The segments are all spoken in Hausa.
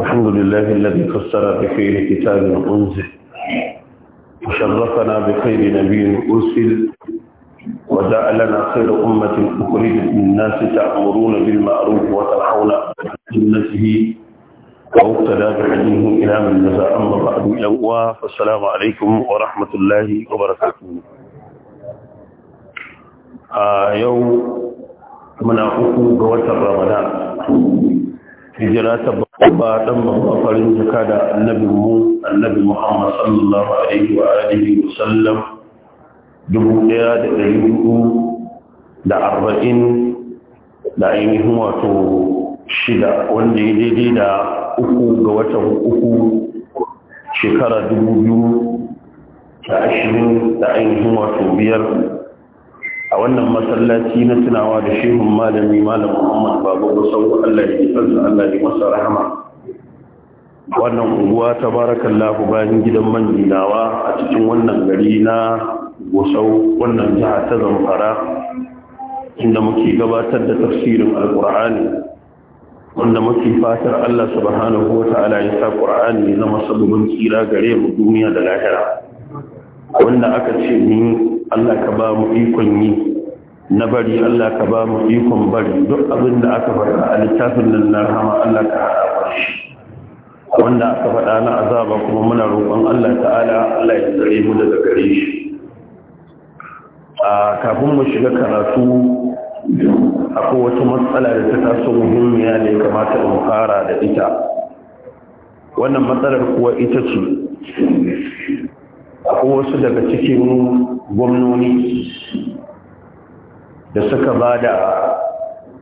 الحمد لله الذي فسر بخير كتاب أنزل وشرفنا بخير نبي أرسل وجاء لنا خير أمة أخرجت للناس تأمرون بالمعروف وتنحون عن سنته وابتدى إلى من نزع أما بعد والسلام عليكم ورحمة الله وبركاته آه يوم muna uku ga watan ba dan babban farin jaka da annabin mu annabi Muhammad sallallahu alaihi wa alihi wa sallam dubu daya da dari hudu da arba'in da ainihin wato shida wanda ya daidai da uku ga watan uku shekara dubu biyu da ashirin da ainihin wato biyar a wannan masallaci na tunawa da shehun malami malam muhammad babu musau allah ya allah ya masa rahama wannan unguwa ta barakallahu bayan gidan manjinawa a cikin wannan gari na gosau wannan jiha ta zamfara inda muke gabatar da tafsirin alkur'ani wanda muke fatar Allah subhanahu wa ta'ala ya sa Qur'ani ya zama sababin tsira gare mu duniya da lahira wanda aka ce ni Allah ka ba mu ikon yi na bari Allah ka ba mu ikon bari duk abin da aka faɗa a littafin nan na rahama Allah ka haɗa wanda aka faɗa na azaba kuma muna roƙon Allah ta'ala Allah ya tsare mu daga gare shi a kafin mu shiga karatu akwai wata matsala da ta taso muhimmiya ne kamata in fara da ita wannan matsalar kuwa ita ce akwai wasu daga cikin gwamnoni da suka ba da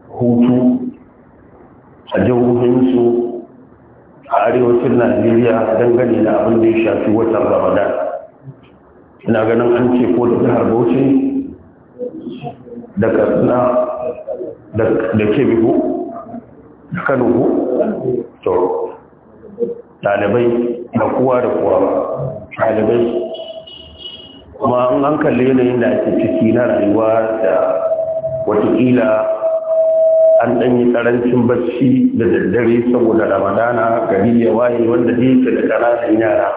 hutu a jihohinsu a arewacin najeriya dangane na abin da ya shafi watan ramadan ina ganin an ce ko da jihar bauchi da katsina da kebihu da kano ko to da kowa da kowa ɗalibai kuma an hankali yanayin da ake ciki na rayuwa da watakila an ɗan yi ƙarancin bacci da daddare saboda ramadana gari ya waye wanda da yake da ƙananan yara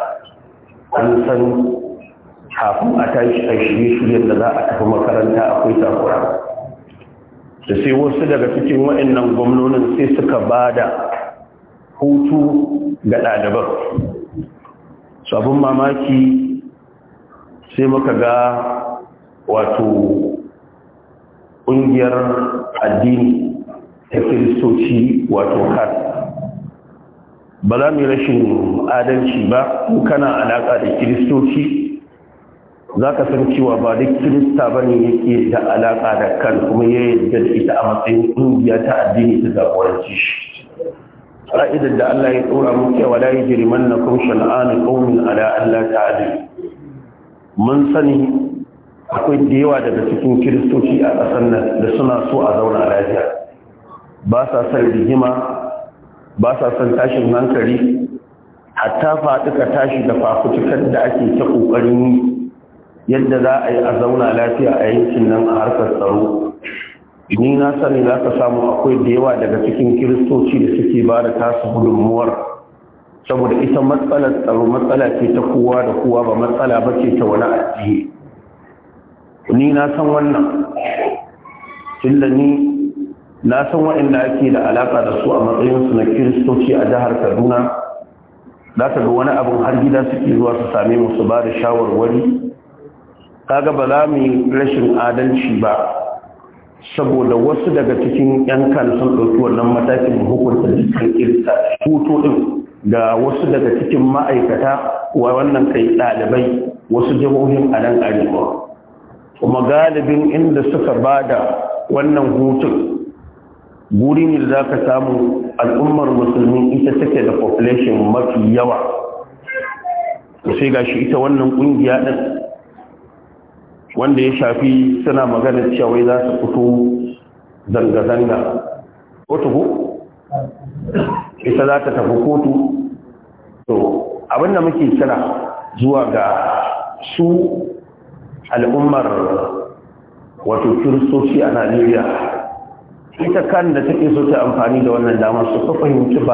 an san kafin a tashi a shirye shiryen da za a tafi makaranta akwai takura da sai wasu daga cikin wa'annan gwamnonin sai suka ba da hutu ga ɗaliban Sabon mamaki sai muka ga wato ƙungiyar addini ta kiristoci wato kan ba za mu yi rashin adalci ba ko kana alaƙa da kiristoci za ka san cewa ba duk kirista ba ne yake da alaƙa da kan kuma ya yadda da ita a matsayin ƙungiya ta addini ta jagoranci shi ƙa'idar da Allah ya tsora muke wa la yajrimannakum shan'anu qaumin ala an la ta'dilu mun sani akwai da yawa daga cikin kiristoci a ƙasar nan da suna so a zauna lafiya ba sa son rigima ba sa son tashin hankali hatta faɗuka tashi da fafutukar da ake ta ƙoƙarin yadda za a yi a zauna lafiya a yankin nan a harkar tsaro ni na sani za ka samu akwai da yawa daga cikin kiristoci da suke ba da tasu gudunmuwar saboda ita matsalar tsaro matsala ce ta kowa da kowa ba matsala ba ce ta wani ajiye ni na san wannan da ni na san waɗanda ake da alaƙa da su a matsayinsu na kiristoci a jihar kaduna za ka ga wani abin har gida suke zuwa su same mu su ba da shawarwari kaga ba za mu yi rashin adalci ba saboda wasu daga cikin 'yan kan sun ɗauki wannan matakin hukunta jikin kirista hutu ɗin da wasu daga cikin ma'aikata wa wannan kai ɗalibai wasu jihohin a nan arewa kuma galibin inda suka ba da wannan hutun guri ne za ka samu al'ummar musulmi ita take da population mafi yawa sai ga shi ita wannan ƙungiya ɗin wanda ya shafi suna maganar cewa za su fito zanga-zanga wata ku ita za ta tafi kotu to abinda muke kira zuwa ga su al'ummar wato kiristoci a najeriya ita kan da take so ta amfani da wannan damar su ta fahimci ba